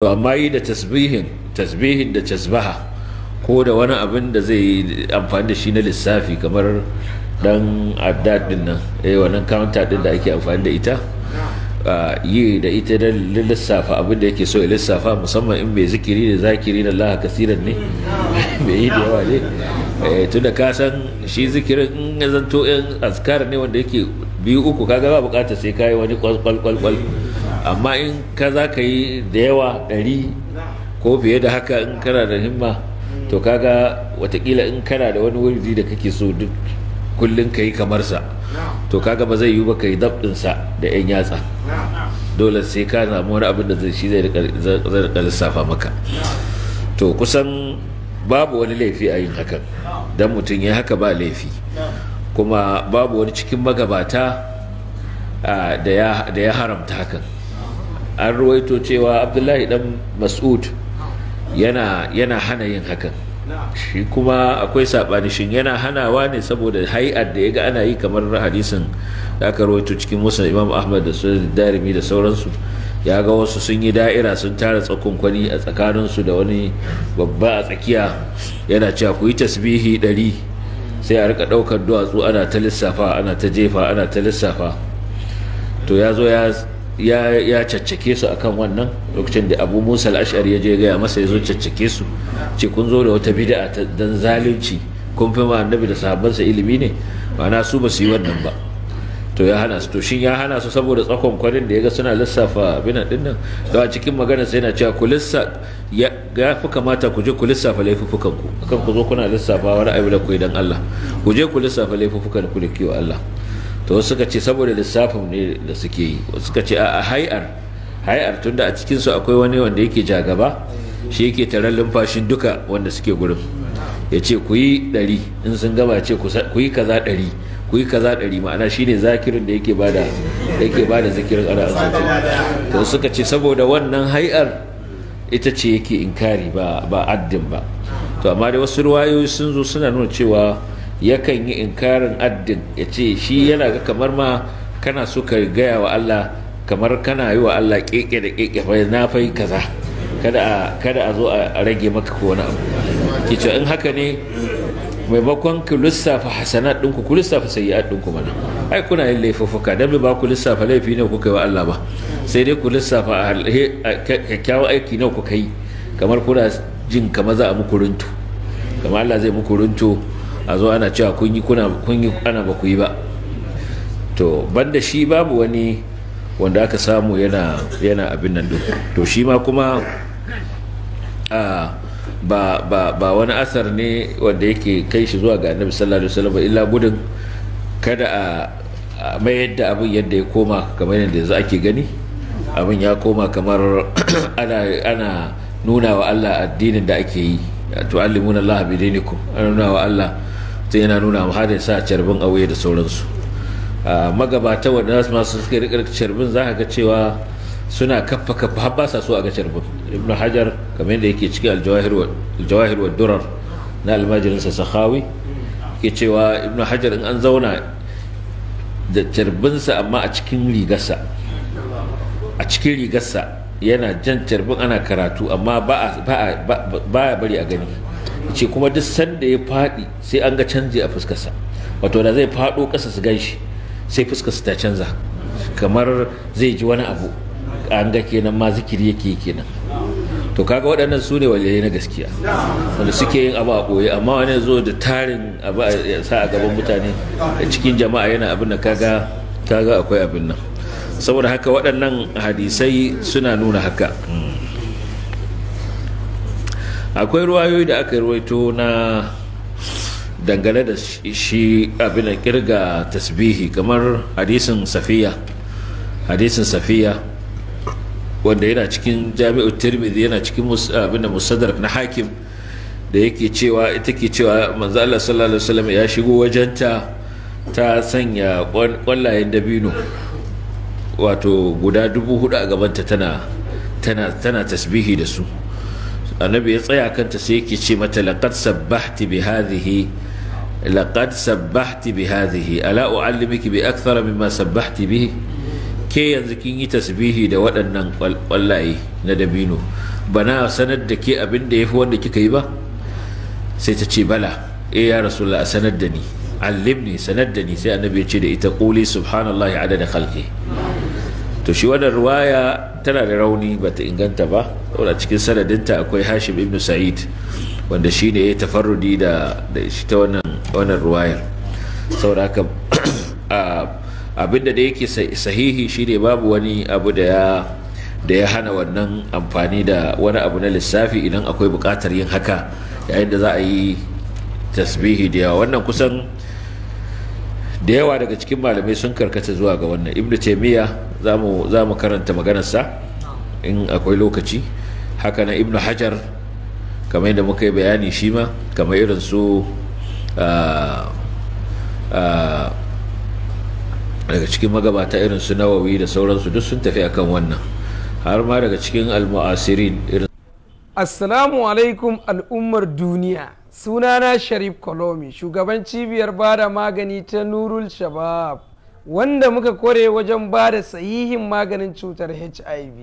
amma yi da tasbihin tasbihin da tasbaha ko da wani abin da zai amfani da shi na lissafi kamar dan addad din nan eh wannan counter din da ake amfani da ita yi da ita da lissafa abin da yake so ya lissafa musamman in bai zikiri da zakiri da Allah kasiran ne bai yi da yawa ne eh, tun da ka san shi zikirin in ya zanto yan azkar ne wanda yake biyu uku kaga ba bukata sai kai wani kwal kwal kwal amma in ka za ka yi da yawa ɗari ko fiye da haka in kana da himma to kaga watakila in kana da wani wurdi da kake so duk kullum ka yi kamar sa to kaga ba zai yi ba ka yi sa da 'yan yatsa dole sai ka samu wani abin da zai shi zai rika lissafa maka to kusan babu wani laifi a yin hakan don mutum ya haka ba laifi kuma babu wani cikin magabata da ya haramta hakan an ruwaito cewa abdullahi dan mas'ud yana yana hana yin hakan shi kuma akwai saɓani shin yana hanawa ne saboda hai'ar da ya ga ana yi kamar hadisin da aka rawaito cikin musa imam ahmad da sunan darimi da sauransu ya ga wasu sun yi da'ira sun tara tsakon kwani a tsakaninsu da wani babba a tsakiya yana cewa ku yi tasbihi ɗari sai a rika ɗaukar duwatsu ana ta lissafa ana ta jefa ana ta lissafa to ya zo ya ya caccake su akan wannan lokacin da abu musa al'ashar ya je gaya masa ya zo caccake su ce kun zo da wata bid'a ta dan zalunci kun fi annabi da sahabbansa ilimi ne ma'ana su ba su yi wannan ba to ya hana su to shin ya hana su saboda tsakon kwarin da ya ga suna lissafa binan din nan da a cikin magana sai na cewa ku lissa ya fi kamata ku je ku lissafa laifukan ku akan ku zo kuna lissafa wani abu da ku dan Allah ku je ku lissafa laifukan ku da kiwo Allah to suka ce saboda lissafin ne da suke yi suka ce a hayar hayar tunda a cikinsu akwai wani wanda yake jagaba shi yake taron lumfashin duka wanda suke gurin ya ce ku yi ɗari in sun gama ce ku yi kaza ɗari ku yi kaza ɗari ma'ana ne zakirin da yake bada da yake bada zikirin ana azanci to suka ce saboda wannan hai'ar ita ce yake inkari ba ba addin ba to amma da wasu ruwayoyi sun zo suna nuna cewa yakan yi inkarin addin ya ce shi yana ga kamar ma kana so ka gaya wa Allah kamar kana yi wa Allah keke da keke fa na fai kaza kada a kada a zo a rage maka ko wani abu ki ce in haka ne maimakon ku lissafa hasanat din ku lissafa sayyi'at ku mana ai kuna yin laifuffuka dan ba ku lissafa laifi ne kuka yi wa Allah ba sai dai ku lissafa kyakkyawan aiki ne kuka yi kamar kuna jin kamar za a muku runtu kamar Allah zai muku runtu a zo ana cewa kun yi kuna kun yi ana ba ku yi ba to banda shi babu wani wanda aka samu yana yana abin nan duk to shi ma kuma a ba ba ba wani asar ne wanda yake kai shi zuwa ga annabi sallallahu alaihi wasallam illa gudun kada a mayar da abin yadda ya koma kamar yadda yanzu ake gani abin ya koma kamar ana nuna wa Allah addinin da ake yi to allimuna Allah bi dinikum ana nuna wa Allah sai yana nuna mu hada sa carbin auye da sauransu magabata waɗanda nasu masu suka rikar carbin za ka ga cewa suna kafa kafa har ba sa so a ga carbin ibnu hajar kamar yadda yake cikin aljawahir wa durar na almajirinsa sahawi ke cewa ibnu hajar in an zauna da carbinsa amma a cikin rigarsa a cikin rigarsa yana jan carbin ana karatu amma ba a bari a gani ce kuma duk sanda ya faɗi sai an ga canji a fuskarsa wato da zai faɗo kasa su ganshi sai fuskarsa ta canza kamar zai ji wani abu an ga kenan ma zikiri yake kenan to kaga waɗannan su ne waliyai na gaskiya wanda suke yin abu a koyi. amma wani zo da tarin abu a sa a gaban mutane cikin jama'a yana abin da kaga kaga akwai abin nan saboda haka waɗannan hadisai suna nuna haka hmm. akwai ruwayoyi da aka ruwaito na dangane da shi abin kirga tasbihi kamar hadisin safiya hadisin safiya wanda yana cikin jami'ar tirmidhi yana cikin abin da musadar na hakim da yake cewa ita ke cewa manzo Allah sallallahu alaihi wasallam ya shigo wajenta ta sanya kwallayen dabino wato guda dubu hudu a gabanta ta tana tana tasbihi da su annabi ya tsaya kanta sai yake ce mata laqad sabbahti bi hadhihi laqad sabbahti bi hadhihi ala u'allimiki bi akthara mimma sabbahti bihi ke yanzu kin yi tasbihi da waɗannan ƙwallaye na dabino bana sanar da ke abin da yafi wanda kika yi ba sai ta ce bala eh ya rasulullah sanar da ni allimni sanar da ni sai annabi ya ce da ita quli subhanallahi adada khalqi to shi wannan ruwaya tana da rauni bata inganta ba A cikin sanadinta akwai hashim ibn sa'id wanda shi ne ya tafarrudi da shi ta wannan ruwayar saboda abinda da yake sahihi shi ne babu wani abu da ya da ya hana wannan amfani da wani abu na lissafi idan akwai bukatar yin haka yayin da za a yi tasbihi da yawa wannan kusan da yawa daga cikin malamai sun karkata zuwa ga wannan ibnu taimiyya za mu karanta maganarsa in akwai lokaci haka na ibnu hajar kamar yadda muka yi bayani shi ma kamar irin su ah, ah, daga cikin magabata irin su nawawi da sauransu duk sun tafi akan wannan har ma daga cikin almu'asirin irin assalamu alaikum al'ummar duniya sunana sharif kolomi shugaban cibiyar bada magani ta nurul shabab wanda muka kore wajen ba da sahihin maganin cutar hiv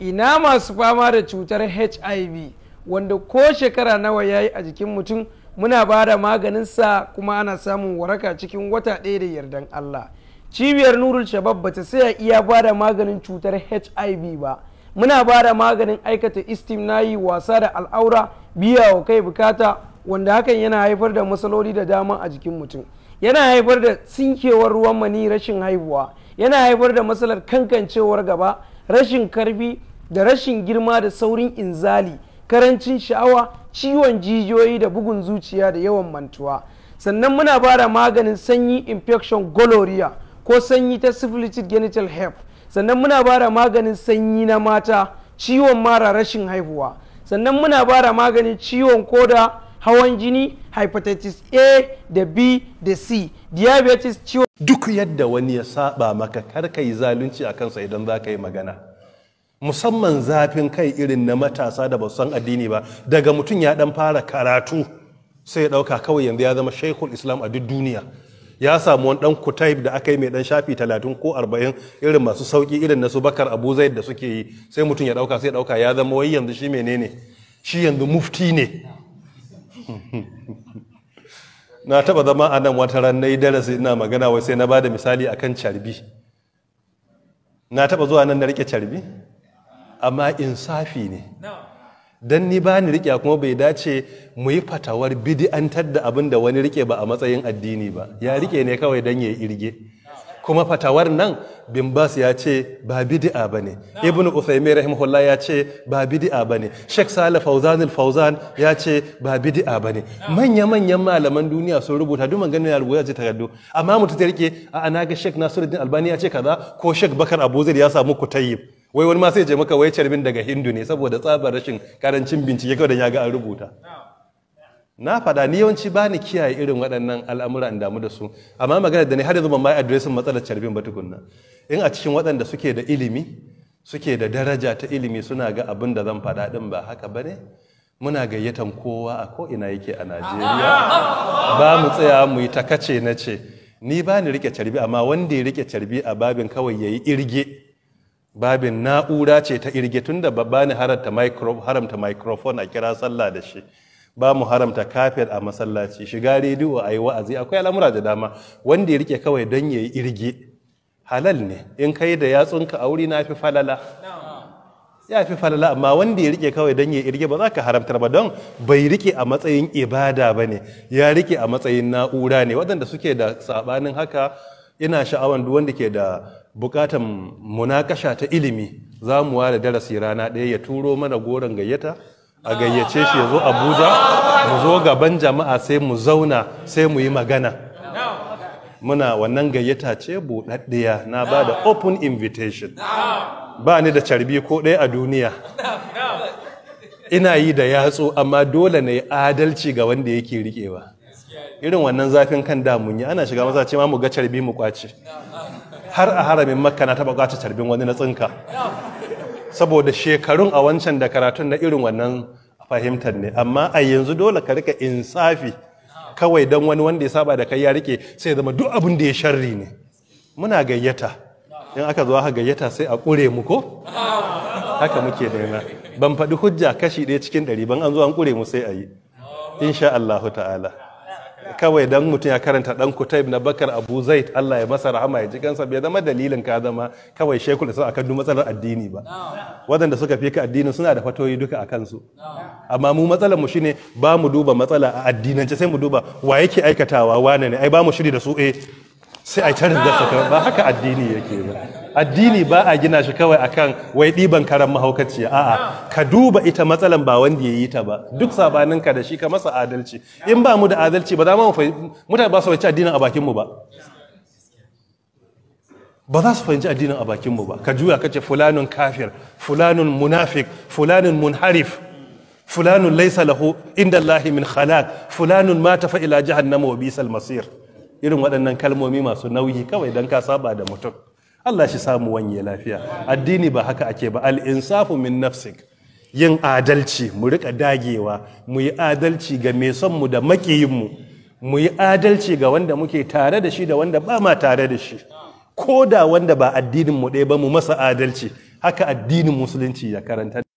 ina masu fama da cutar hiv wanda ko shekara nawa yayi a jikin mutum muna ba da maganinsa kuma ana samun waraka cikin wata ɗaya da yardan allah cibiyar nurul shabab ba ta saya iya ba da maganin cutar hiv ba muna ba da maganin aikata istimnayi wasa da al'aura biya wa kai bukata wanda hakan yana haifar da matsaloli da dama a jikin mutum yana haifar da sinkewar ruwan mani rashin haihuwa yana haifar da matsalar kankancewar gaba rashin karfi da rashin girma da saurin inzali karancin sha'awa ciwon jijiyoyi da bugun zuciya da yawan mantuwa sannan muna ba da maganin sanyi infection gonorrhea ko sanyi ta syphilitic genital herpes sannan muna ba da maganin sanyi na mata ciwon mara rashin haihuwa sannan muna ba da maganin ciwon koda hawan jini hepatitis a da b da c diabetes ciwo duk yadda wani ya saba maka kar ka yi zalunci a kansa idan za ka yi magana musamman zafin kai irin na matasa da basu san addini ba daga mutum ya dan fara karatu sai ya dauka kawai yanzu ya zama shaikhul islam a duk duniya ya samu wani dan kutai da aka yi mai dan shafi talatin ko arba'in irin masu sauki irin na su bakar abu zaid da suke yi sai mutum ya dauka sai ya dauka ya zama wai yanzu shi menene shi yanzu mufti ne na taba zama a nan wata ran nayi darasi ina magana wai sai na ba da misali akan carbi na taba zuwa nan na rike carbi amma insafi ne Don ni ba ni rike kuma bai dace mu yi fatawar bidi'antar da abin da wani rike ba a matsayin addini ba ya rike ne kawai don ya yi irge kuma fatawar nan bin bas ya ce ba ba bane ibn uthaymeen rahimahullah ya ce ba bidi'a bane sheikh salih fawzan al-fawzan ya ce ba ba bane manya manyan malaman duniya sun rubuta duk maganar ya rubuta ce takardu amma mutum ta rike a ana ga sheikh nasiruddin albani ya ce kaza ko sheikh bakar abuzir ya samu kutayyib wai wani ma sai je maka wai carbin daga hindu ne saboda tsabar rashin karancin bincike kawai da ya ga an rubuta na faɗa ni yawanci ba ni kiyaye irin waɗannan al'amura in damu da su amma magana da ni har yanzu ban ma adiresin matsalar carbin ba tukunna in a cikin waɗanda suke da ilimi suke da daraja ta ilimi suna ga abin da zan faɗa ɗin ba haka ba ne muna gayyatan kowa a ko ina yake a najeriya ba mu tsaya mu yi ta kace na ce ni ba ni rike carbi amma wanda ya rike carbi a babin kawai ya yi irge babin na'ura ce ta irge tunda ba babba ni haramta microphone a kira sallah da shi ba mu haramta kafir a masallaci shiga rediyo a yi wa'azi akwai al'amura da dama wanda ya rike kawai don ya yi irge halal ne in kai da yatsunka a wuri na fi falala ya fi falala amma wanda ya rike kawai don ya yi irge ba za ka haramtar ba don bai rike a matsayin ibada ba ne ya rike a matsayin na'ura ne waɗanda suke da saɓanin haka ina sha'awan duk wanda ke da buƙatar munakasha ta ilimi za mu ware darasi rana ɗaya ya turo mana goron gayyata a gayyace shi ya zo abuja mu zo gaban jama'a sai mu zauna sai mu yi magana muna wannan gayyata ce buɗaɗɗiya na ba da open invitation ba ni da carbi ko ɗaya a duniya ina yi da yatsu amma dole na yi adalci ga wanda yake riƙewa irin wannan zafin kan damun yi ana shiga masa ce ma mu ga carbi mu kwace har a haramin makka na taɓa kwace carbin wani na tsinka saboda shekarun a wancan da karatun na irin wannan fahimtar ne amma a yanzu dole ka rika insafi kawai don wani wanda ya saba da kai ya rike sai zama duk abin da ya sharri ne muna gayyata in aka zo aka gayyata sai a kure mu ko haka muke daina ban faɗi hujja kashi ɗaya cikin ɗari ban an zo an kure mu sai a yi insha Allahu ta'ala kawai dan mutum ya karanta dan kutaib na bakar abu zai allah ya masa rahama ya ji kansa bai zama dalilin ka zama kawai shekul islam akan duk matsalar addini ba Wadanda suka fi ka addinin suna da fatoyi duka a kansu amma mu matsalar mu shine ba mu duba matsala a addinance sai mu duba wa yake aikatawa wane ne ai ba mu shiri da su eh sai a canin da saka ba haka addini yake ba addini ba a gina shi kawai akan wai ɗiban karan mahaukaci a'a ka duba ita matsalan ba wanda ya yi ta ba duk sabaninka da shi ka masa adalci in ba mu da adalci ba za mu mutane ba su fahimci addinin a bakin mu ba ba za su fahimci addinin a bakin mu ba ka juya ka ce fulanun kafir fulanun munafik fulanun munharif fulanun laisa lahu inda min khalaq fulanun mata tafa ila jahannama wa bisal masir irin waɗannan kalmomi masu nauyi kawai don ka saba da mutum Allah shi samu wanye lafiya addini ba haka ake ba al-insafu min nafsik yin adalci mu rika dagewa mu yi adalci ga mai son mu da makiyin mu mu yi adalci ga wanda muke tare da shi da wanda ba ma tare da shi ko da wanda ba addinin mu ɗaya ba mu masa adalci haka addinin musulunci ya karanta